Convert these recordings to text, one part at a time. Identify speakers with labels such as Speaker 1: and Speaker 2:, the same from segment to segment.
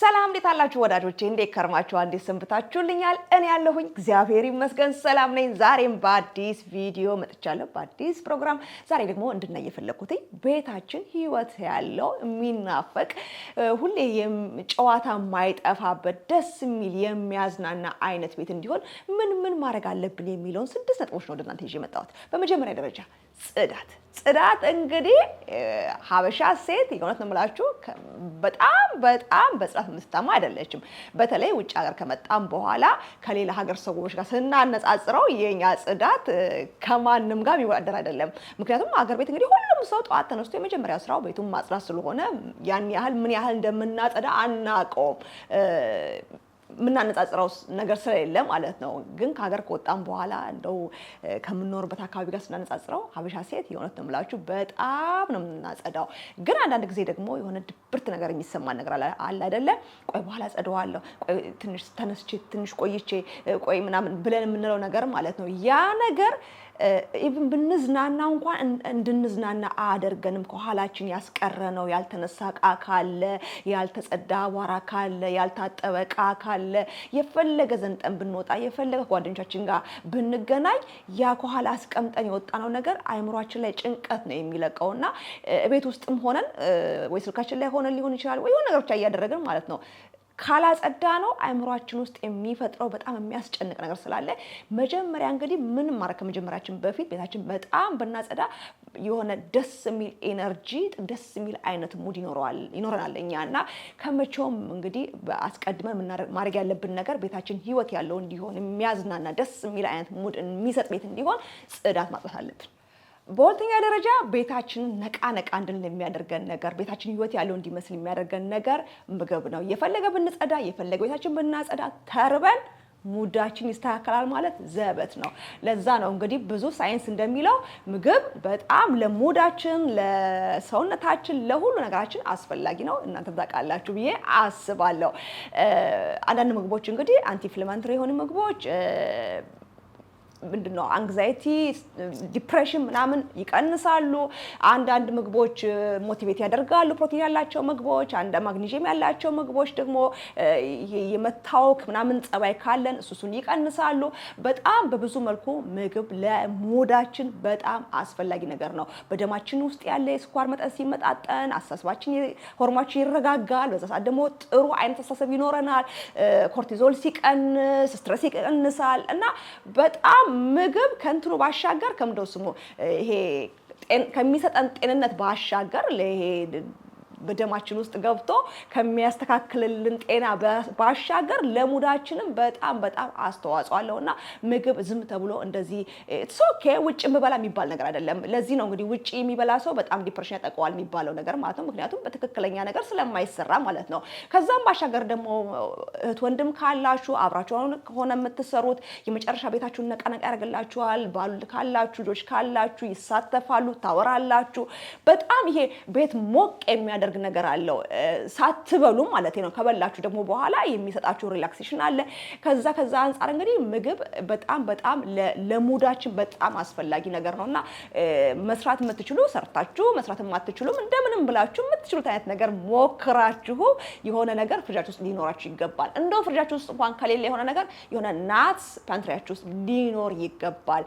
Speaker 1: ሰላም እንዴት አላችሁ ወዳጆቼ? እንዴት ከርማችኋል? እንዴት ሰንብታችሁልኛል? እኔ ያለሁኝ እግዚአብሔር ይመስገን ሰላም ነኝ። ዛሬም በአዲስ ቪዲዮ መጥቻለሁ፣ በአዲስ ፕሮግራም። ዛሬ ደግሞ እንድናይ የፈለኩትኝ ቤታችን ህይወት ያለው የሚናፈቅ ሁሌ ጨዋታ የማይጠፋበት ደስ የሚል የሚያዝናና አይነት ቤት እንዲሆን ምን ምን ማድረግ አለብን የሚለውን ስድስት ነጥቦች ነው ወደ እናንተ ይዤ መጣሁት። በመጀመሪያ ደረጃ ጽዳት ጽዳት እንግዲህ ሀበሻ ሴት የእውነት ነው የምላችሁ በጣም በጣም በጽዳት የምትታማ አይደለችም። በተለይ ውጭ ሀገር ከመጣም በኋላ ከሌላ ሀገር ሰዎች ጋር ስናነጻጽረው የኛ ጽዳት ከማንም ጋር የሚወዳደር አይደለም። ምክንያቱም ሀገር ቤት እንግዲህ ሁሉም ሰው ጠዋት ተነስቶ የመጀመሪያ ስራው ቤቱን ማጽዳት ስለሆነ ያን ያህል ምን ያህል እንደምናጸዳ አናውቀውም። የምናነጻጽረው ነገር ስለሌለ ማለት ነው። ግን ከሀገር ከወጣም በኋላ እንደው ከምንኖርበት አካባቢ ጋር ስናነጻጽረው ሀበሻ ሴት የእውነት ነው የምላችሁ በጣም ነው የምናጸዳው። ግን አንዳንድ ጊዜ ደግሞ የሆነ ድብርት ነገር የሚሰማን ነገር አለ አይደለ? ቆይ በኋላ ጸደዋለሁ፣ ቆይ ትንሽ ተነስቼ፣ ትንሽ ቆይቼ፣ ቆይ ምናምን ብለን የምንለው ነገር ማለት ነው ያ ነገር ኢቭን ብንዝናና እንኳን እንድንዝናና አያደርገንም። ከኋላችን ያስቀረ ነው ያልተነሳ እቃ ካለ፣ ያልተጸዳ አቧራ ካለ፣ ያልታጠበ እቃ ካለ የፈለገ ዘንጠን ብንወጣ የፈለገ ጓደኞቻችን ጋር ብንገናኝ ያ ከኋላ አስቀምጠን የወጣነው ነገር አይምሯችን ላይ ጭንቀት ነው የሚለቀው እና ቤት ውስጥም ሆነን ወይ ስልካችን ላይ ሆነን ሊሆን ይችላል ወይ የሆነ ነገሮች እያደረግን ማለት ነው ካላጸዳ ነው አእምሯችን ውስጥ የሚፈጥረው በጣም የሚያስጨንቅ ነገር ስላለ መጀመሪያ እንግዲህ ምን ማድረግ ከመጀመሪያችን በፊት ቤታችን በጣም ብናጸዳ የሆነ ደስ የሚል ኤነርጂ ደስ የሚል አይነት ሙድ ይኖረናል እኛ እና ከመቼውም እንግዲህ አስቀድመን ማድረግ ያለብን ነገር ቤታችን ህይወት ያለው እንዲሆን የሚያዝናና ደስ የሚል አይነት ሙድ የሚሰጥ ቤት እንዲሆን ጽዳት ማጥፋት አለብን። በሁለተኛ ደረጃ ቤታችንን ነቃ ነቃ እንድንል የሚያደርገን ነገር ቤታችን ህይወት ያለው እንዲመስል የሚያደርገን ነገር ምግብ ነው። የፈለገ ብንጸዳ፣ የፈለገ ቤታችን ብናጸዳ ተርበን ሙዳችን ይስተካከላል ማለት ዘበት ነው። ለዛ ነው እንግዲህ ብዙ ሳይንስ እንደሚለው ምግብ በጣም ለሙዳችን፣ ለሰውነታችን፣ ለሁሉ ነገራችን አስፈላጊ ነው። እናንተ ታውቃላችሁ ብዬ አስባለሁ። አንዳንድ ምግቦች እንግዲህ አንቲኢንፍላማተሪ የሆኑ ምግቦች ምንድን ነው አንግዛይቲ፣ ዲፕሬሽን ምናምን ይቀንሳሉ። አንዳንድ ምግቦች ሞቲቬት ያደርጋሉ። ፕሮቲን ያላቸው ምግቦች፣ አንድ ማግኒዥየም ያላቸው ምግቦች ደግሞ የመታወክ ምናምን ጸባይ ካለን እሱሱን ይቀንሳሉ። በጣም በብዙ መልኩ ምግብ ለሞዳችን በጣም አስፈላጊ ነገር ነው። በደማችን ውስጥ ያለ የስኳር መጠን ሲመጣጠን አስተሳሰባችን፣ ሆርማችን ይረጋጋል። በዛ ሰዓት ደግሞ ጥሩ አይነት አስተሳሰብ ይኖረናል። ኮርቲዞል ሲቀንስ ስትረስ ይቀንሳል እና በጣም ምግብ ከእንትኑ ባሻገር ከምንድነው ስሙ ይሄ ከሚሰጠን ጤንነት ባሻገር በደማችን ውስጥ ገብቶ ከሚያስተካክልልን ጤና ባሻገር ለሙዳችንም በጣም በጣም አስተዋጽኦ እና ምግብ ዝም ተብሎ እንደዚህ ሶኬ ውጭ የምበላ የሚባል ነገር አይደለም። ለዚህ ነው እንግዲህ ውጭ የሚበላ ሰው በጣም ዲፕሬሽን ያጠቀዋል የሚባለው ነገር ማለት ነው። ምክንያቱም በትክክለኛ ነገር ስለማይሰራ ማለት ነው። ከዛም ባሻገር ደግሞ እህት ወንድም ካላችሁ አብራችሁ ከሆነ የምትሰሩት የመጨረሻ ቤታችሁን ነቃነቃ ያደርግላችኋል። ባል ካላችሁ ልጆች ካላችሁ ይሳተፋሉ፣ ታወራላችሁ። በጣም ይሄ ቤት ሞቅ የሚያደርግ የሚያደርግ ነገር አለው። ሳትበሉ ማለት ነው። ከበላችሁ ደግሞ በኋላ የሚሰጣችሁ ሪላክሴሽን አለ። ከዛ ከዛ አንጻር እንግዲህ ምግብ በጣም በጣም ለሙዳችን በጣም አስፈላጊ ነገር ነው እና መስራት የምትችሉ ሰርታችሁ፣ መስራት የማትችሉም እንደምንም ብላችሁ የምትችሉት አይነት ነገር ሞክራችሁ የሆነ ነገር ፍርጃችሁ ውስጥ ሊኖራችሁ ይገባል። እንደው ፍርጃችሁ ውስጥ እንኳን ከሌለ የሆነ ነገር የሆነ ናትስ ፓንትሪያችሁ ውስጥ ሊኖር ይገባል።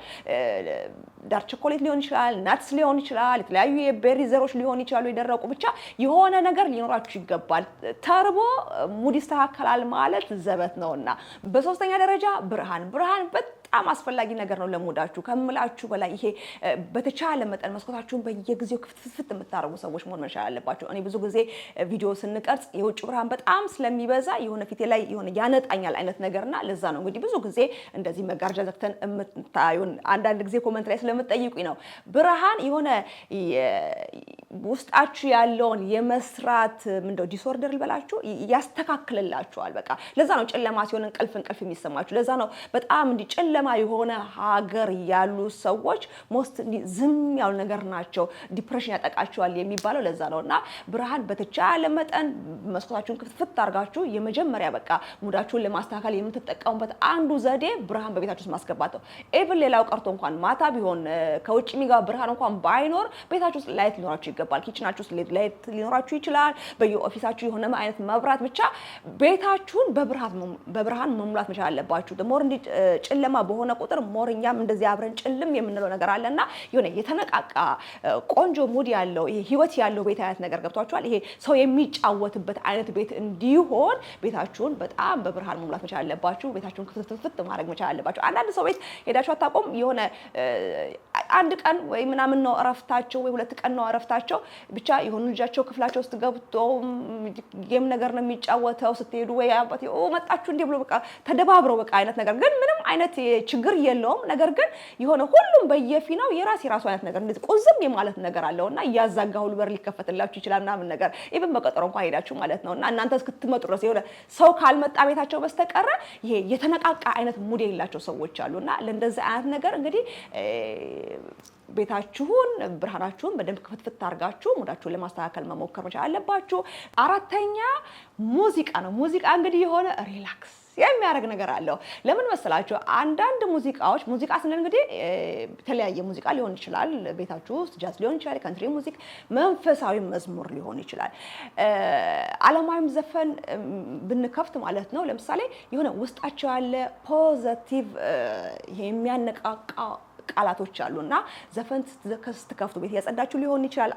Speaker 1: ዳር ቾኮሌት ሊሆን ይችላል፣ ናትስ ሊሆን ይችላል፣ የተለያዩ የቤሪ ዘሮች ሊሆን ይችላሉ የደረቁ ብቻ የሆነ ነገር ሊኖራችሁ ይገባል። ተርቦ ሙድ ይስተካከላል ማለት ዘበት ነውና። በሶስተኛ ደረጃ ብርሃን ብርሃን በጣም አስፈላጊ ነገር ነው ለሙዳችሁ ከምላችሁ በላይ ይሄ በተቻለ መጠን መስኮታችሁን በየጊዜው ክፍትፍት የምታደርጉ ሰዎች መሆን መቻል አለባቸው። እኔ ብዙ ጊዜ ቪዲዮ ስንቀርጽ የውጭ ብርሃን በጣም ስለሚበዛ የሆነ ፊቴ ላይ የሆነ ያነጣኛል አይነት ነገርና ለዛ ነው እንግዲህ ብዙ ጊዜ እንደዚህ መጋረጃ ዘግተን የምታዩን። አንዳንድ ጊዜ ኮመንት ላይ ስለምጠይቁኝ ነው ብርሃን የሆነ ውስጣችሁ ያለውን የመስራት ምንድነው ዲስኦርደር ልበላችሁ ያስተካክልላችኋል። በቃ ለዛ ነው ጨለማ ሲሆን እንቅልፍ እንቅልፍ የሚሰማችሁ። ለዛ ነው በጣም እንዲህ ጨለማ ጨለማ የሆነ ሀገር ያሉ ሰዎች ሞስት ዝም ያሉ ነገር ናቸው። ዲፕሬሽን ያጠቃቸዋል የሚባለው ለዛ ነው። እና ብርሃን በተቻለ መጠን መስኮታችሁን ክፍትፍት አድርጋችሁ የመጀመሪያ በቃ ሙዳችሁን ለማስተካከል የምትጠቀሙበት አንዱ ዘዴ ብርሃን በቤታችሁ ውስጥ ማስገባት ነው። ኤቭን ሌላው ቀርቶ እንኳን ማታ ቢሆን ከውጭ የሚገባ ብርሃን እንኳን ባይኖር ቤታችሁ ውስጥ ላይት ሊኖራችሁ ይገባል። ኪችናችሁ ውስጥ ላይት ሊኖራችሁ ይችላል። በየኦፊሳችሁ የሆነ አይነት መብራት ብቻ ቤታችሁን በብርሃን መሙላት መቻል አለባችሁ። ሞር ጨለማ በሆነ ቁጥር ሞር እኛም እንደዚህ አብረን ጭልም የምንለው ነገር አለና የሆነ የተነቃቃ ቆንጆ ሙድ ያለው ይሄ ህይወት ያለው ቤት አይነት ነገር ገብቷችኋል። ይሄ ሰው የሚጫወትበት አይነት ቤት እንዲሆን ቤታችሁን በጣም በብርሃን መሙላት መቻል አለባችሁ። ቤታችሁን ክትፍትፍት ማድረግ መቻል አለባችሁ። አንዳንድ ሰው ቤት ሄዳችሁ አታውቁም። የሆነ አንድ ቀን ወይ ምናምን ነው እረፍታቸው፣ ወይ ሁለት ቀን ነው እረፍታቸው። ብቻ የሆኑ ልጃቸው ክፍላቸው ውስጥ ገብቶ ጌም ነገር ነው የሚጫወተው። ስትሄዱ ወይ አባት መጣችሁ እንዲህ ብሎ በቃ ተደባብረው በቃ አይነት ነገር ግን ምንም አይነት ችግር የለውም። ነገር ግን የሆነ ሁሉም በየፊናው የራስ የራሱ አይነት ነገር እንደዚህ ቁዝም የማለት ነገር አለው እና እያዛጋ ሁሉ በር ሊከፈትላችሁ ይችላል ምናምን ነገር ኢቭን በቀጠሮ እንኳን ሄዳችሁ ማለት ነው እና እናንተ እስክትመጡ ድረስ የሆነ ሰው ካልመጣ ቤታቸው በስተቀረ ይሄ የተነቃቃ አይነት ሙድ የሌላቸው ሰዎች አሉ እና ለእንደዚህ አይነት ነገር እንግዲህ ቤታችሁን ብርሃናችሁን በደንብ ክፍትፍት አርጋችሁ ሙዳችሁን ለማስተካከል መሞከር መቻል አለባችሁ። አራተኛ ሙዚቃ ነው። ሙዚቃ እንግዲህ የሆነ ሪላክስ የሚያደርግ ነገር አለው። ለምን መሰላችሁ? አንዳንድ ሙዚቃዎች ሙዚቃ ስንል እንግዲህ የተለያየ ሙዚቃ ሊሆን ይችላል። ቤታችሁ ውስጥ ጃዝ ሊሆን ይችላል፣ ካንትሪ ሙዚክ፣ መንፈሳዊ መዝሙር ሊሆን ይችላል። አለማዊም ዘፈን ብንከፍት ማለት ነው። ለምሳሌ የሆነ ውስጣቸው ያለ ፖዘቲቭ የሚያነቃቃ ቃላቶች አሉ እና ዘፈን ስትከፍቱ ቤት እያጸዳችሁ ሊሆን ይችላል።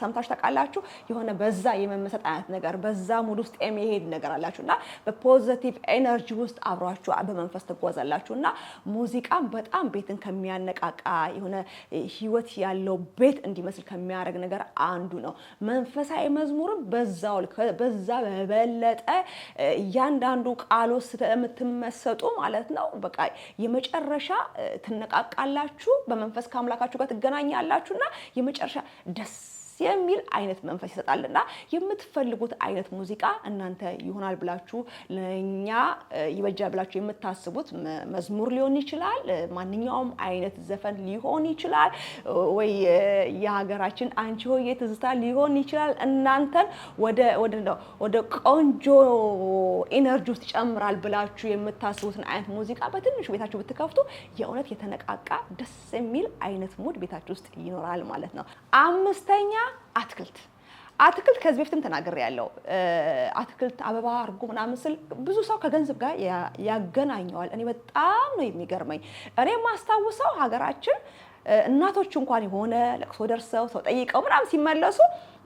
Speaker 1: ሰምታችሁ ታውቃላችሁ። የሆነ በዛ የመመሰጥ አይነት ነገር፣ በዛ ሙድ ውስጥ የሚሄድ ነገር አላችሁ እና በፖዘቲቭ ኤነርጂ ውስጥ አብሯችሁ በመንፈስ ትጓዛላችሁ እና ሙዚቃም በጣም ቤትን ከሚያነቃቃ የሆነ ህይወት ያለው ቤት እንዲመስል ከሚያደርግ ነገር አንዱ ነው። መንፈሳዊ መዝሙርም በዛው በዛ በበለጠ እያንዳንዱ ቃሎ ስለምትመሰጡ ማለት ነው በቃ የመጨረሻ ትነቃቃላ ታርቃላችሁ፣ በመንፈስ ከአምላካችሁ ጋር ትገናኛላችሁና የመጨረሻ ደስ የሚል አይነት መንፈስ ይሰጣልና የምትፈልጉት አይነት ሙዚቃ እናንተ ይሆናል ብላችሁ ለእኛ ይበጃል ብላችሁ የምታስቡት መዝሙር ሊሆን ይችላል፣ ማንኛውም አይነት ዘፈን ሊሆን ይችላል፣ ወይ የሀገራችን አንቺ ሆዬ ትዝታ ሊሆን ይችላል። እናንተን ወደ ቆንጆ ኢነርጂ ውስጥ ይጨምራል ብላችሁ የምታስቡትን አይነት ሙዚቃ በትንሹ ቤታችሁ ብትከፍቱ የእውነት የተነቃቃ ደስ የሚል አይነት ሙድ ቤታችሁ ውስጥ ይኖራል ማለት ነው። አምስተኛ አትክልት አትክልት ከዚህ በፊትም ተናገር ያለው አትክልት አበባ አርጎ ምናምን ስል ብዙ ሰው ከገንዘብ ጋር ያገናኘዋል። እኔ በጣም ነው የሚገርመኝ። እኔ የማስታውሰው ሀገራችን እናቶች እንኳን የሆነ ለቅሶ ደርሰው ሰው ጠይቀው ምናምን ሲመለሱ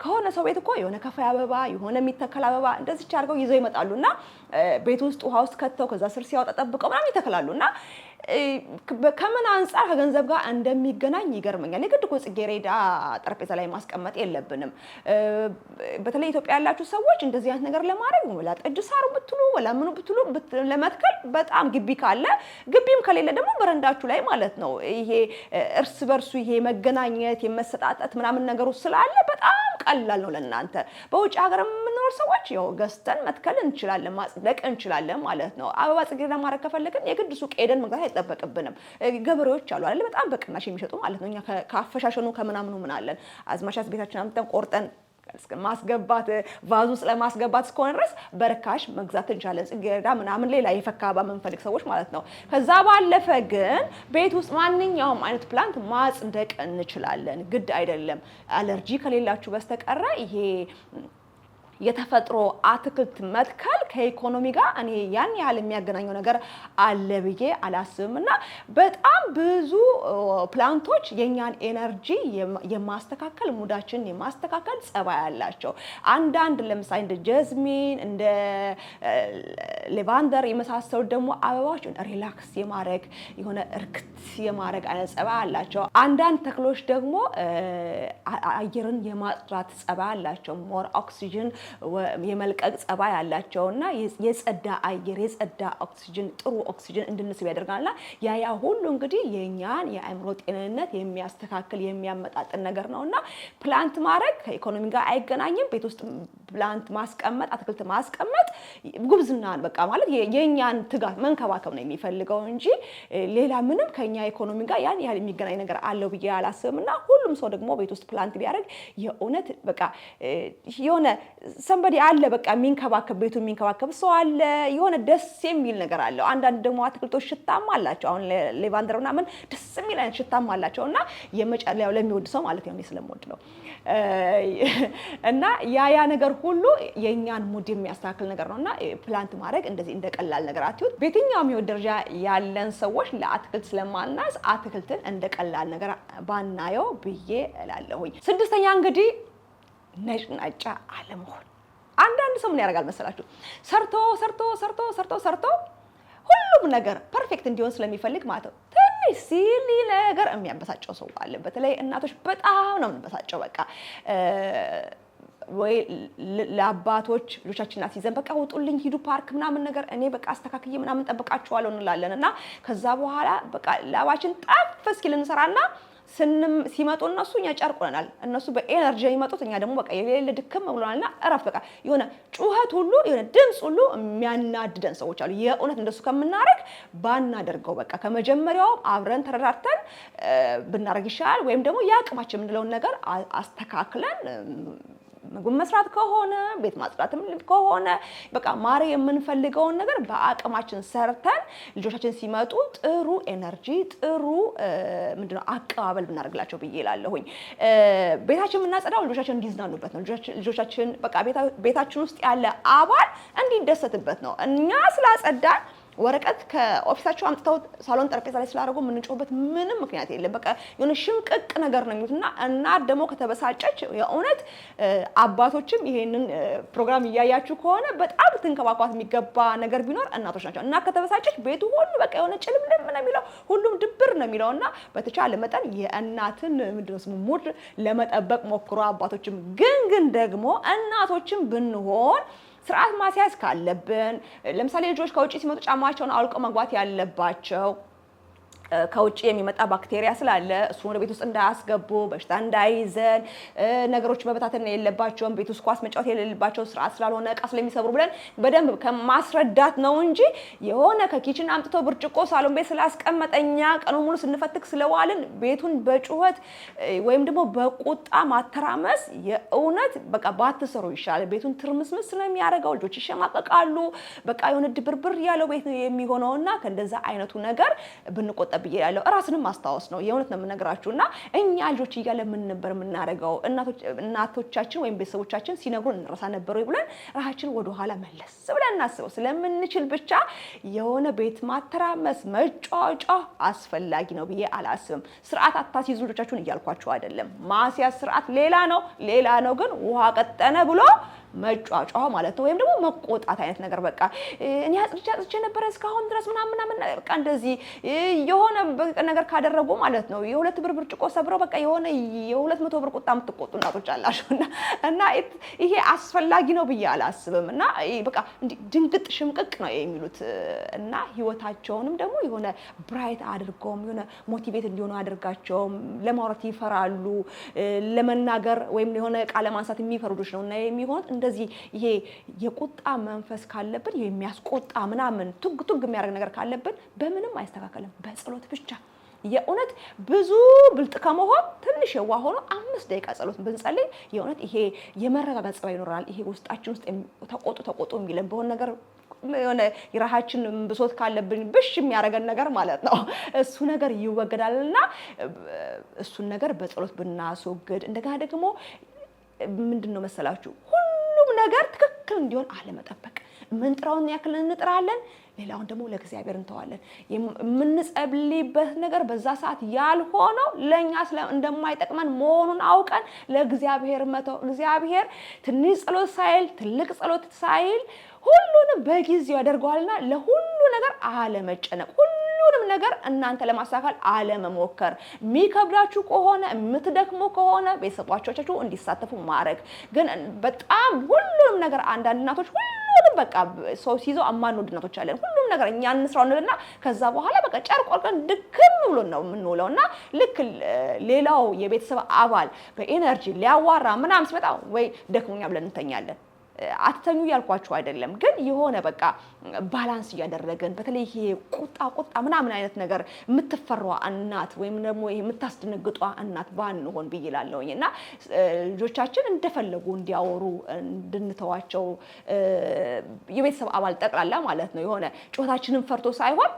Speaker 1: ከሆነ ሰው ቤት እኮ የሆነ ከፋይ አበባ የሆነ የሚተከል አበባ እንደዚች አድርገው ይዘው ይመጣሉ እና ቤት ውስጥ ውሃ ውስጥ ከተው ከዛ ስር ሲያወጣ ጠብቀው ምናምን ይተክላሉ እና ከምን አንጻር ከገንዘብ ጋር እንደሚገናኝ ይገርመኛል። የግድ እኮ ጽጌረዳ ጠረጴዛ ላይ ማስቀመጥ የለብንም። በተለይ ኢትዮጵያ ያላችሁ ሰዎች እንደዚህ አይነት ነገር ለማድረግ ወላ ጠጅ ሳሩ ብትሉ ወላ ምኑ ብትሉ ለመትከል በጣም ግቢ ካለ ግቢም ከሌለ ደግሞ በረንዳችሁ ላይ ማለት ነው። ይሄ እርስ በርሱ ይሄ መገናኘት የመሰጣጠት ምናምን ነገሮች ስላለ በጣም ቀላል ነው ለእናንተ። በውጭ ሀገር የምንኖር ሰዎች ያው ገዝተን መትከል እንችላለን፣ ማጽደቅ እንችላለን ማለት ነው። አበባ ጽጌ ለማድረግ ከፈለግን የግድ ሱቅ ሄደን መግዛት አይጠበቅብንም። ገበሬዎች አሉ አይደል? በጣም በቅናሽ የሚሸጡ ማለት ነው። እኛ ከአፈሻሸኑ ከምናምኑ ምናለን አዝማሻት ቤታችን አምጥተን ቆርጠን ማስገባት ቫዝ ውስጥ ለማስገባት እስከሆነ ድረስ በርካሽ መግዛት እንችላለን። ጽጌረዳ ምናምን ሌላ የፈካ አበባ የምንፈልግ ሰዎች ማለት ነው። ከዛ ባለፈ ግን ቤት ውስጥ ማንኛውም አይነት ፕላንት ማጽደቅ እንችላለን። ግድ አይደለም አለርጂ ከሌላችሁ በስተቀረ ይሄ የተፈጥሮ አትክልት መትከል ከኢኮኖሚ ጋር እኔ ያን ያህል የሚያገናኘው ነገር አለ ብዬ አላስብም እና በጣም ብዙ ፕላንቶች የእኛን ኤነርጂ የማስተካከል ሙዳችንን የማስተካከል ጸባይ አላቸው። አንዳንድ ለምሳሌ እንደ ጀዝሚን እንደ ሌቫንደር የመሳሰሉት ደግሞ አበባዎች ሪላክስ የማድረግ የሆነ እርክት የማድረግ አይነት ጸባይ አላቸው። አንዳንድ ተክሎች ደግሞ አየርን የማጽዳት ጸባይ አላቸው። ሞር ኦክሲጅን የመልቀቅ ጸባይ ያላቸውና የጸዳ አየር የጸዳ ኦክሲጅን ጥሩ ኦክሲጅን እንድንስብ ያደርጋልና ያ ያ ሁሉ እንግዲህ የእኛን የአእምሮ ጤንነት የሚያስተካክል የሚያመጣጥን ነገር ነው እና ፕላንት ማድረግ ከኢኮኖሚ ጋር አይገናኝም። ቤት ውስጥ ፕላንት ማስቀመጥ አትክልት ማስቀመጥ ጉብዝናን በቃ ማለት የእኛን ትጋት መንከባከብ ነው የሚፈልገው እንጂ ሌላ ምንም ከኛ ኢኮኖሚ ጋር ያን ያህል የሚገናኝ ነገር አለው ብዬ አላስብም እና ሁሉም ሰው ደግሞ ቤት ውስጥ ፕላንት ቢያደርግ የእውነት በቃ የሆነ ሰንበዲ አለ በቃ የሚንከባከብ ቤቱ የሚንከባከብ ሰው አለ። የሆነ ደስ የሚል ነገር አለው። አንዳንድ ደግሞ አትክልቶች ሽታም አላቸው። አሁን ሌቫንደር ምናምን ደስ የሚል አይነት ሽታም አላቸው እና የመጨለያው ለሚወድ ሰው ማለት ነው። ስለምወድ ነው እና ያ ያ ነገር ሁሉ የእኛን ሙድ የሚያስተካክል ነገር ነው እና ፕላንት ማድረግ እንደዚህ ቀላል ነገር አትዩት። በየትኛውም የወድ ደረጃ ያለን ሰዎች ለአትክልት ስለማናስ አትክልትን እንደ ቀላል ነገር ባናየው ብዬ እላለሁኝ። ስድስተኛ እንግዲህ ነጭናጫ አለመሆን። አንዳንድ ሰው ምን ያደርጋል መሰላችሁ? ሰርቶ ሰርቶ ሰርቶ ሰርቶ ሰርቶ ሁሉም ነገር ፐርፌክት እንዲሆን ስለሚፈልግ ማለት ነው ትንሽ ሲሊ ነገር የሚያበሳጨው ሰው አለ። በተለይ እናቶች በጣም ነው የምንበሳጨው። በቃ ወይ ለአባቶች ልጆቻችን አስይዘን በቃ ውጡልኝ ሂዱ ፓርክ ምናምን ነገር እኔ በቃ አስተካክዬ ምናምን ጠብቃችኋለሁ እንላለን እና ከዛ በኋላ በቃ ላባችን ጠፍ እስኪል እንሰራና ሲመጡ እነሱ እኛ ጨርቁነናል። እነሱ በኤነርጂ የሚመጡት እኛ ደግሞ በቃ የሌለ ድክም ብሎናልና እረፍ በቃ የሆነ ጩኸት ሁሉ የሆነ ድምፅ ሁሉ የሚያናድደን ሰዎች አሉ። የእውነት እንደሱ ከምናደርግ ባናደርገው በቃ ከመጀመሪያውም አብረን ተረዳርተን ብናደርግ ይሻላል። ወይም ደግሞ የአቅማችን የምንለውን ነገር አስተካክለን ምግብ መስራት ከሆነ ቤት ማጽዳትም ከሆነ በቃ ማሬ የምንፈልገውን ነገር በአቅማችን ሰርተን ልጆቻችን ሲመጡ ጥሩ ኤነርጂ ጥሩ ምንድነው አቀባበል ብናደርግላቸው ብዬ ላለሁኝ ቤታችን የምናጸዳው ልጆቻችን እንዲዝናኑበት ነው። ልጆቻችን በቃ ቤታችን ውስጥ ያለ አባል እንዲደሰትበት ነው። እኛ ስላጸዳን ወረቀት ከኦፊሳቸው አምጥተው ሳሎን ጠረጴዛ ላይ ስላደረጉ የምንጮህበት ምንም ምክንያት የለም። በቃ የሆነ ሽምቅቅ ነገር ነው የሚሉት እና እናት ደግሞ ከተበሳጨች የእውነት አባቶችም ይሄንን ፕሮግራም እያያችሁ ከሆነ በጣም ትንከባከባት የሚገባ ነገር ቢኖር እናቶች ናቸው። እና ከተበሳጨች ቤቱ ሁሉ በቃ የሆነ ጭልምልም ነው የሚለው፣ ሁሉም ድብር ነው የሚለው እና በተቻለ መጠን የእናትን ምንድነው ስሙ ሙድ ለመጠበቅ ሞክሮ አባቶችም ግን ግን ደግሞ እናቶችም ብንሆን ስርዓት ማስያዝ ካለብን፣ ለምሳሌ ልጆች ከውጭ ሲመጡ ጫማቸውን አውልቀው መግባት ያለባቸው ከውጭ የሚመጣ ባክቴሪያ ስላለ እሱ ወደ ቤት ውስጥ እንዳያስገቡ በሽታ እንዳይዘን ነገሮች መበታተን የለባቸውም። ቤት ውስጥ ኳስ መጫወት የሌለባቸው ስርዓት ስላልሆነ እቃ ስለሚሰብሩ ብለን በደንብ ከማስረዳት ነው እንጂ የሆነ ከኪችን አምጥቶ ብርጭቆ ሳሎን ቤት ስላስቀመጠኛ ቀኑ ሙሉ ስንፈትክ ስለዋልን ቤቱን በጩኸት ወይም ደግሞ በቁጣ ማተራመስ የእውነት በቃ ባትሰሩ ይሻላል። ቤቱን ትርምስምስ ነው የሚያደርገው። ልጆች ይሸማቀቃሉ። በቃ የሆነ ድብርብር ያለው ቤት የሚሆነውና ከእንደዛ አይነቱ ነገር ብንቆጠ ብዬ ያለው እራስንም ማስታወስ ነው። የእውነት ነው የምነግራችሁ እና እኛ ልጆች እያለ ምን ነበር የምናደርገው? እናቶቻችን ወይም ቤተሰቦቻችን ሲነግሩን እንረሳ ነበር ወይ ብለን ራሳችን ወደኋላ መለስ ብለን እናስበው ስለምንችል ብቻ የሆነ ቤት ማተራመስ መጫጫ አስፈላጊ ነው ብዬ አላስብም። ስርዓት አታስይዙ ልጆቻችሁን እያልኳቸው አይደለም። ማስያዝ ስርዓት ሌላ ነው ሌላ ነው። ግን ውሃ ቀጠነ ብሎ መጫጫ ማለት ነው። ወይም ደግሞ መቆጣት አይነት ነገር በቃ እኔ አጽድቼ አጽድቼ ነበረ እስካሁን ድረስ ምናምን ምናምን በቃ እንደዚህ የሆነ ነገር ካደረጉ ማለት ነው የሁለት ብር ብርጭቆ ሰብረው በቃ የሆነ የሁለት መቶ ብር ቁጣ የምትቆጡ እናቶች አላቸው። እና ይሄ አስፈላጊ ነው ብዬ አላስብም። እና በቃ ድንግጥ ሽምቅቅ ነው የሚሉት እና ህይወታቸውንም ደግሞ የሆነ ብራይት አድርገውም የሆነ ሞቲቬት እንዲሆኑ አድርጋቸውም ለማውራት ይፈራሉ። ለመናገር ወይም የሆነ ቃለ ማንሳት ነው እና የሚሆኑት ስለዚህ ይሄ የቁጣ መንፈስ ካለብን የሚያስቆጣ ምናምን ቱግ ቱግ የሚያደርግ ነገር ካለብን በምንም አይስተካከልም፣ በጸሎት ብቻ። የእውነት ብዙ ብልጥ ከመሆን ትንሽ የዋ ሆኖ አምስት ደቂቃ ጸሎት ብንጸልይ የእውነት ይሄ የመረጋጋት ጸባይ ይኖረናል። ይሄ ውስጣችን ውስጥ ተቆጡ ተቆጡ የሚለን በሆን ነገር የሆነ የራሳችን ብሶት ካለብን ብሽ የሚያደርገን ነገር ማለት ነው። እሱ ነገር ይወገዳልና እሱን ነገር በጸሎት ብናስወግድ እንደገና ደግሞ ምንድን ነው መሰላችሁ ነገር ትክክል እንዲሆን አለመጠበቅ። ምንጥረውን ያክል እንጥራለን፣ ሌላውን ደግሞ ለእግዚአብሔር እንተዋለን። የምንጸብልበት ነገር በዛ ሰዓት ያልሆነው ለእኛ እንደማይጠቅመን መሆኑን አውቀን ለእግዚአብሔር መተው። እግዚአብሔር ትንሽ ጸሎት ሳይል ትልቅ ጸሎት ሳይል ሁሉንም በጊዜው ያደርገዋልና ለሁሉ ነገር አለመጨነቅ ሁሉንም ነገር እናንተ ለማሳካል አለመሞከር፣ የሚከብዳችሁ ከሆነ የምትደክሙ ከሆነ ቤተሰቦቻችሁ እንዲሳተፉ ማድረግ። ግን በጣም ሁሉንም ነገር አንዳንድ እናቶች ሁሉንም በቃ ሰው ሲይዘው አማን እናቶች አለን። ሁሉም ነገር እኛ እንስራው እንልና ከዛ በኋላ በቃ ጨርቅ ወርቀን ድክም ብሎ ነው የምንውለው እና ልክ ሌላው የቤተሰብ አባል በኤነርጂ ሊያዋራ ምናምን ሲመጣ ወይ ደክሞኛ ብለን እንተኛለን። አትተኙ እያልኳቸው አይደለም፣ ግን የሆነ በቃ ባላንስ እያደረግን በተለይ ይሄ ቁጣ ቁጣ ምናምን አይነት ነገር የምትፈሯ እናት ወይም ደግሞ የምታስደነግጧ እናት ባንሆን ብዬ እላለሁኝ እና ልጆቻችን እንደፈለጉ እንዲያወሩ እንድንተዋቸው የቤተሰብ አባል ጠቅላላ ማለት ነው የሆነ ጩኸታችንን ፈርቶ ሳይሆን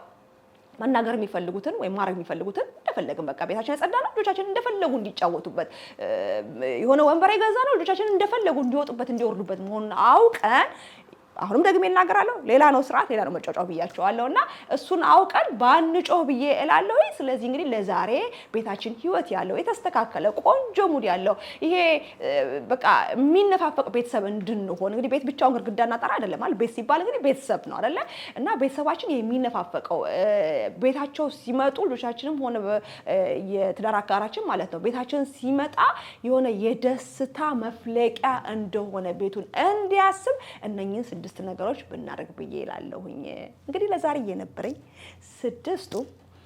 Speaker 1: መናገር የሚፈልጉትን ወይም ማድረግ የሚፈልጉትን እንደፈለግን በቃ ቤታችን የጸዳ ነው፣ ልጆቻችን እንደፈለጉ እንዲጫወቱበት የሆነ ወንበር የገዛ ነው፣ ልጆቻችን እንደፈለጉ እንዲወጡበት እንዲወርዱበት መሆኑን አውቀን አሁንም ደግሜ እናገራለሁ። ሌላ ነው ስርዓት፣ ሌላ ነው መጫጫው ብያቸዋለሁ። እና እሱን አውቀን ባንጮህ ብዬ እላለሁ። ስለዚህ እንግዲህ ለዛሬ ቤታችን ህይወት ያለው የተስተካከለ ቆንጆ ሙድ ያለው ይሄ በቃ የሚነፋፈቅ ቤተሰብ እንድንሆን እንግዲህ ቤት ብቻውን ግድግዳና ጣራ አይደለም አይደል? ቤት ሲባል እንግዲህ ቤተሰብ ነው አይደለ? እና ቤተሰባችን የሚነፋፈቀው ቤታቸው ሲመጡ ልጆቻችንም ሆነ የትዳር አጋራችን ማለት ነው ቤታችን ሲመጣ የሆነ የደስታ መፍለቂያ እንደሆነ ቤቱን እንዲያስብ እነኝን ስድስት ስድስት ነገሮች ብናደርግ ብዬ ይላለሁኝ። እንግዲህ ለዛሬ የነበረኝ ስድስቱ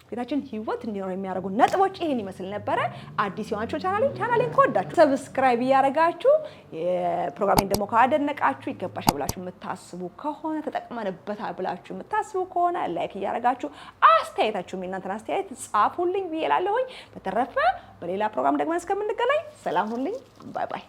Speaker 1: ቤታችን ህይወት እንዲኖር የሚያደርጉ ነጥቦች ይህን ይመስል ነበረ። አዲስ የሆናችሁ ቻናሌን ቻናሌን ከወዳችሁ ሰብስክራይብ እያደረጋችሁ ፕሮግራሜን ደግሞ ካደነቃችሁ ይገባሻል ብላችሁ የምታስቡ ከሆነ ተጠቅመንበታ ብላችሁ የምታስቡ ከሆነ ላይክ እያደረጋችሁ አስተያየታችሁ የእናንተን አስተያየት ጻፉልኝ ብዬ ላለሁኝ። በተረፈ በሌላ ፕሮግራም ደግሞ እስከምንገናኝ ሰላም ሁልኝ። ባይ ባይ።